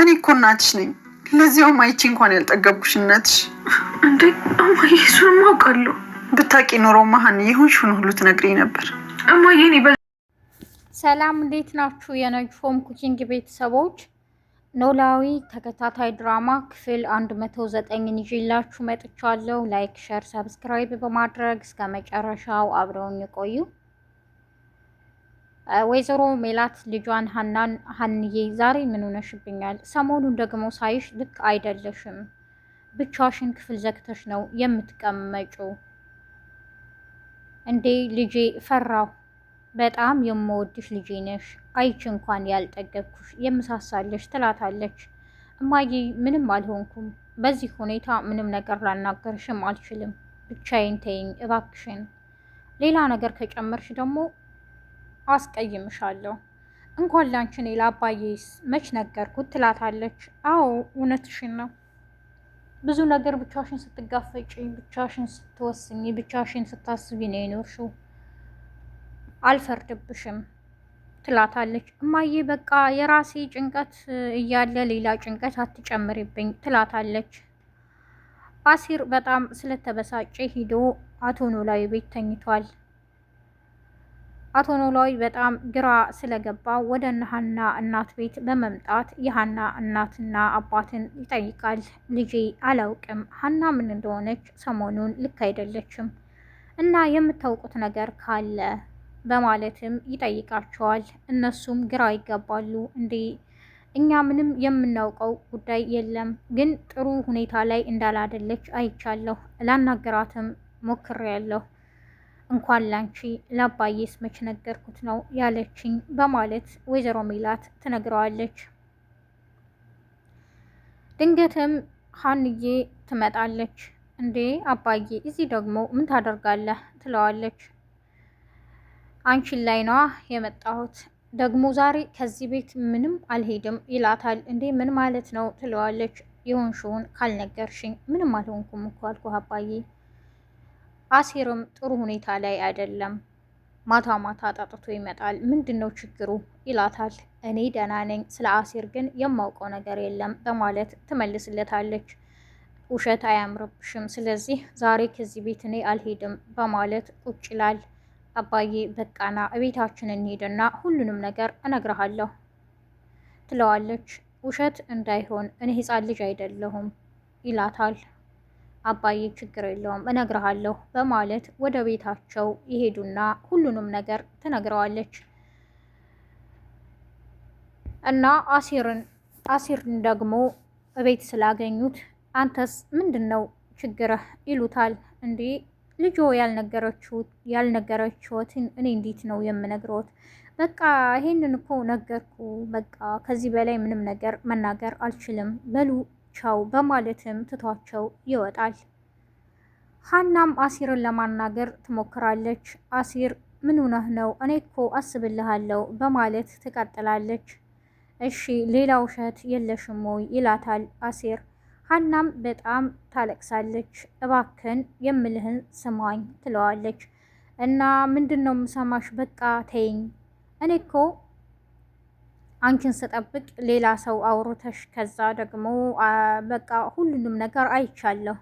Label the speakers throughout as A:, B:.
A: እኔ እኮ እናትሽ ነኝ። ለዚያውም ማይቺ እንኳን ያልጠገብኩሽ እናትሽ።
B: እንዴ እማዬ፣ እሱንም አውቃለሁ።
A: ብታቂ ኖሮ መሀን የሆንሽውን ሁሉ ትነግሪኝ ነበር
B: እማዬ።
C: ሰላም፣ እንዴት ናችሁ? የነጅፎም ኩኪንግ ቤተሰቦች ኖላዊ ተከታታይ ድራማ ክፍል 109ን ይዤላችሁ መጥቻለሁ። ላይክ፣ ሸር፣ ሰብስክራይብ በማድረግ እስከ መጨረሻው አብረውን ይቆዩ። ወይዘሮ ሜላት ልጇን ሀናን ሀንዬ ዛሬ ምን ሆነሽብኛል? ሰሞኑን ደግሞ ሳይሽ ልክ አይደለሽም። ብቻሽን ክፍል ዘግተሽ ነው የምትቀመጪው እንዴ? ልጄ ፈራሁ። በጣም የምወድሽ ልጄ ነሽ፣ አይች እንኳን ያልጠገብኩሽ የምሳሳለሽ ትላታለች። እማዬ ምንም አልሆንኩም። በዚህ ሁኔታ ምንም ነገር ላናገርሽም አልችልም። ብቻዬን ተይኝ እባክሽን። ሌላ ነገር ከጨመርሽ ደግሞ አስቀይምሻለሁ። እንኳን ላንቺ እኔ ለአባዬስ መች ነገርኩት ትላታለች። አዎ እውነትሽን ነው። ብዙ ነገር ብቻሽን ስትጋፈጪ፣ ብቻሽን ስትወስኝ፣ ብቻሽን ስታስቢ ነው የኖርሽው። አልፈርድብሽም ትላታለች። እማዬ በቃ የራሴ ጭንቀት እያለ ሌላ ጭንቀት አትጨምሪብኝ ትላታለች። አሲር በጣም ስለተበሳጨ ሂዶ አቶ ኖላዊ ቤት ተኝቷል። አቶ ኖላዊ በጣም ግራ ስለገባው ወደ ሀና እናት ቤት በመምጣት የሀና እናትና አባትን ይጠይቃል። ልጄ አላውቅም፣ ሀና ምን እንደሆነች ሰሞኑን ልክ አይደለችም እና የምታውቁት ነገር ካለ በማለትም ይጠይቃቸዋል። እነሱም ግራ ይገባሉ። እንዴ እኛ ምንም የምናውቀው ጉዳይ የለም፣ ግን ጥሩ ሁኔታ ላይ እንዳላደለች አይቻለሁ። ላናገራትም ሞክሬያለሁ እንኳን ላንቺ ለአባዬስ መች ነገርኩት ነው ያለችኝ በማለት ወይዘሮ ሜላት ትነግረዋለች። ድንገትም ሀንዬ ትመጣለች። እንዴ አባዬ እዚህ ደግሞ ምን ታደርጋለህ? ትለዋለች። አንቺን ላይ ነዋ የመጣሁት ደግሞ ዛሬ ከዚህ ቤት ምንም አልሄድም ይላታል። እንዴ ምን ማለት ነው? ትለዋለች። የሆንሽውን ካልነገርሽኝ ምንም አልሆንኩም እኮ አልኩህ አባዬ አሴርም ጥሩ ሁኔታ ላይ አይደለም። ማታ ማታ ጣጥቶ ይመጣል። ምንድን ነው ችግሩ ይላታል። እኔ ደህና ነኝ፣ ስለ አሴር ግን የማውቀው ነገር የለም በማለት ትመልስለታለች። ውሸት አያምርብሽም፣ ስለዚህ ዛሬ ከዚህ ቤት እኔ አልሄድም በማለት ቁጭ ይላል። አባዬ በቃና እቤታችን እንሄድና ሁሉንም ነገር እነግረሃለሁ ትለዋለች። ውሸት እንዳይሆን እኔ ህፃን ልጅ አይደለሁም ይላታል። አባዬ ችግር የለውም እነግርሃለሁ በማለት ወደ ቤታቸው ይሄዱና ሁሉንም ነገር ትነግረዋለች እና አሲርን አሲርን ደግሞ ቤት ስላገኙት አንተስ ምንድን ነው ችግርህ ይሉታል። እንዴ ልጆ ያልነገረችዎትን እኔ እንዴት ነው የምነግረዎት? በቃ ይሄንን እኮ ነገርኩ። በቃ ከዚህ በላይ ምንም ነገር መናገር አልችልም በሉ ናቸው በማለትም ትቷቸው ይወጣል። ሀናም አሲርን ለማናገር ትሞክራለች። አሲር ምን ሆነህ ነው? እኔ እኮ አስብልሃለሁ በማለት ትቀጥላለች። እሺ ሌላ ውሸት የለሽም ወይ ይላታል አሲር። ሀናም በጣም ታለቅሳለች። እባክን የምልህን ስማኝ ትለዋለች። እና ምንድን ነው የምሰማሽ? በቃ ተይኝ እኔ እኮ አንቺን ስጠብቅ ሌላ ሰው አውርተሽ ከዛ ደግሞ በቃ ሁሉንም ነገር አይቻለሁ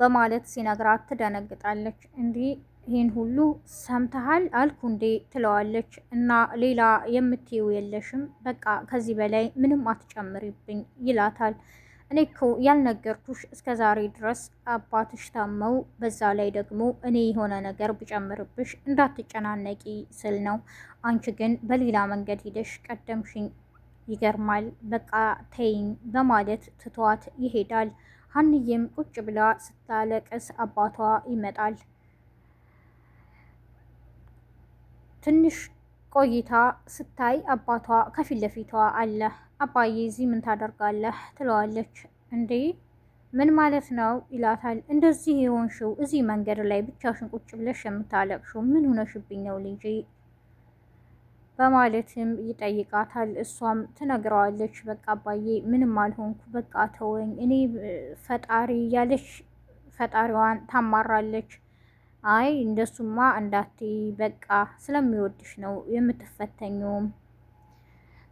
C: በማለት ሲነግራት ትደነግጣለች። እንዲህ ይህን ሁሉ ሰምተሃል አልኩ እንዴ ትለዋለች። እና ሌላ የምትይው የለሽም በቃ ከዚህ በላይ ምንም አትጨምሪብኝ ይላታል። እኔ እኮ ያልነገርኩሽ እስከ ዛሬ ድረስ አባትሽ ታመው፣ በዛ ላይ ደግሞ እኔ የሆነ ነገር ብጨምርብሽ እንዳትጨናነቂ ስል ነው። አንቺ ግን በሌላ መንገድ ሂደሽ ቀደምሽኝ። ይገርማል። በቃ ተይኝ በማለት ትቷት ይሄዳል። ሀንዬም ቁጭ ብላ ስታለቅስ አባቷ ይመጣል። ትንሽ ቆይታ ስታይ አባቷ ከፊት ለፊቷ አለ። አባዬ እዚህ ምን ታደርጋለህ? ትለዋለች። እንዴ ምን ማለት ነው ይላታል። እንደዚህ የሆንሽው እዚህ መንገድ ላይ ብቻሽን ቁጭ ብለሽ የምታለቅሽው ምን ሆነሽብኝ ነው ልጅ በማለትም ይጠይቃታል። እሷም ትነግረዋለች። በቃ አባዬ ምንም አልሆንኩ፣ በቃ ተወኝ፣ እኔ ፈጣሪ እያለች ፈጣሪዋን ታማራለች። አይ እንደሱማ እንዳቴ በቃ ስለሚወድሽ ነው የምትፈተኘውም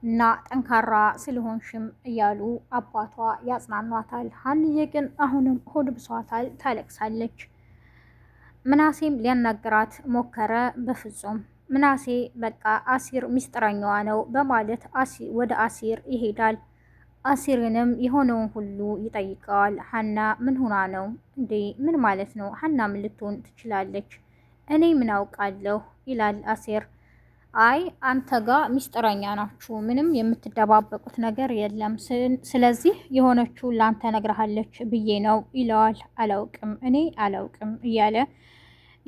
C: እና ጠንካራ ስለሆንሽም እያሉ አባቷ ያጽናኗታል። ሀንዬ ግን አሁንም ሆድ ብሷታል፣ ታለቅሳለች። ምናሴም ሊያናግራት ሞከረ። በፍጹም ምናሴ በቃ አሲር ሚስጥረኛዋ ነው በማለት ወደ አሲር ይሄዳል። አሲርንም የሆነውን ሁሉ ይጠይቀዋል። ሀና ምን ሆና ነው እንዴ? ምን ማለት ነው? ሀና ምን ልትሆን ትችላለች? እኔ ምን አውቃለሁ ይላል አሲር አይ አንተ ጋ ሚስጥረኛ ናችሁ፣ ምንም የምትደባበቁት ነገር የለም። ስለዚህ የሆነችው ላንተ ነግረሃለች ብዬ ነው ይለዋል። አላውቅም እኔ አላውቅም እያለ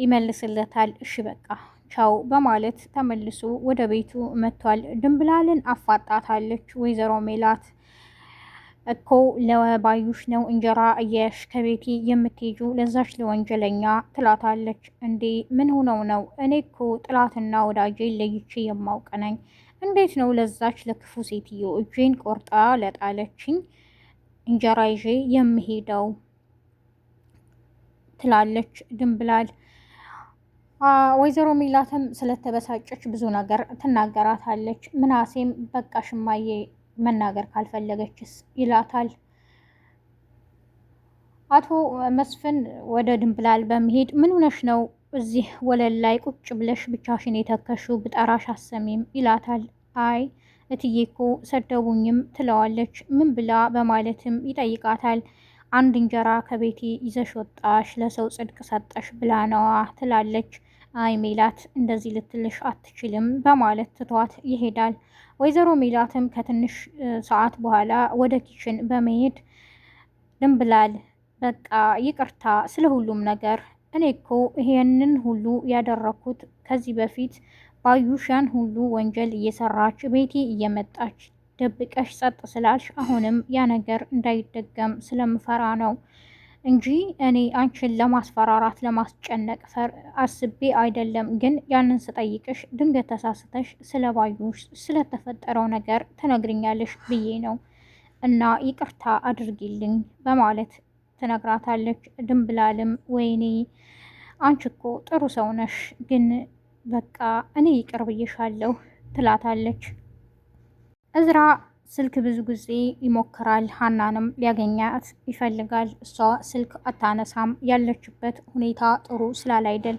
C: ይመልስለታል። እሺ በቃ ቻው በማለት ተመልሶ ወደ ቤቱ መጥቷል። ድንብላልን አፋጣታለች ወይዘሮ ሜላት እኮ ለባዩሽ ነው እንጀራ እያያሽ ከቤቴ የምትሄጁ ለዛች ለወንጀለኛ ትላታለች። እንዴ ምን ሆነው ነው? እኔ እኮ ጥላትና ወዳጄ ለይቼ የማውቅ ነኝ። እንዴት ነው ለዛች ለክፉ ሴትዮ እጄን ቆርጣ ለጣለችኝ እንጀራ ይዤ የምሄደው? ትላለች ድንብላል። ወይዘሮ ሚላትም ስለተበሳጨች ብዙ ነገር ትናገራታለች። ምናሴም በቃ ሽማዬ መናገር ካልፈለገችስ ይላታል። አቶ መስፍን ወደ ድንብላል በመሄድ ምን ሆነሽ ነው እዚህ ወለል ላይ ቁጭ ብለሽ ብቻሽን የተከሹ ብጠራሽ አሰሚም ይላታል። አይ እትዬ እኮ ሰደቡኝም ትለዋለች። ምን ብላ በማለትም ይጠይቃታል። አንድ እንጀራ ከቤቴ ይዘሽ ወጣሽ፣ ለሰው ጽድቅ ሰጠሽ ብላ ነዋ ትላለች። አይ ሜላት እንደዚህ ልትልሽ አትችልም በማለት ትቷት ይሄዳል። ወይዘሮ ሜላትም ከትንሽ ሰዓት በኋላ ወደ ኪችን በመሄድ ድንብላል በቃ ይቅርታ ስለ ሁሉም ነገር እኔ እኮ ይሄንን ሁሉ ያደረኩት ከዚህ በፊት ባዩሻን ሁሉ ወንጀል እየሰራች ቤቴ እየመጣች ደብቀሽ ጸጥ ስላልሽ አሁንም ያ ነገር እንዳይደገም ስለምፈራ ነው። እንጂ እኔ አንቺን ለማስፈራራት ለማስጨነቅ አስቤ አይደለም። ግን ያንን ስጠይቅሽ ድንገት ተሳስተሽ ስለ ባዩሽ ስለተፈጠረው ነገር ትነግሪኛለሽ ብዬ ነው እና ይቅርታ አድርጊልኝ በማለት ትነግራታለች። ድንብላልም ወይኔ አንቺ እኮ ጥሩ ሰው ነሽ፣ ግን በቃ እኔ ይቅር ብዬሻለሁ ትላታለች እዝራ ስልክ ብዙ ጊዜ ይሞክራል። ሀናንም ሊያገኛት ይፈልጋል። እሷ ስልክ አታነሳም። ያለችበት ሁኔታ ጥሩ ስላላይደል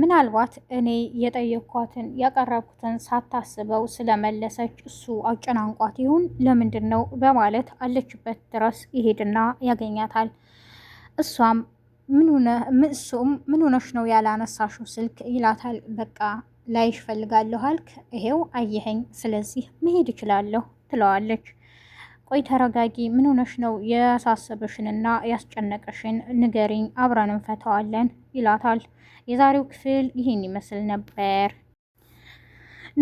C: ምናልባት እኔ የጠየኳትን ያቀረብኩትን ሳታስበው ስለመለሰች እሱ አጨናንቋት ይሁን ለምንድን ነው በማለት አለችበት ድረስ ይሄድና ያገኛታል። እሷም እሱም ምን ሆነሽ ነው ያላነሳሽው ስልክ ይላታል። በቃ ላይሽ ፈልጋለሁ አልክ፣ ይሄው አየኸኝ፣ ስለዚህ መሄድ እችላለሁ ትለዋለች። ቆይ ተረጋጊ፣ ምን ሆነሽ ነው? የሳሰበሽንና ያስጨነቀሽን ንገሪኝ፣ አብረን እንፈታዋለን ይላታል። የዛሬው ክፍል ይህን ይመስል ነበር።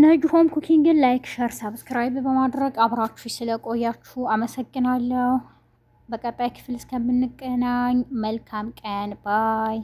C: ነጅሆም ኩኪንግን ላይክ፣ ሸር፣ ሰብስክራይብ በማድረግ አብራችሁ ስለቆያችሁ አመሰግናለሁ። በቀጣይ ክፍል እስከምንገናኝ መልካም ቀን ባይ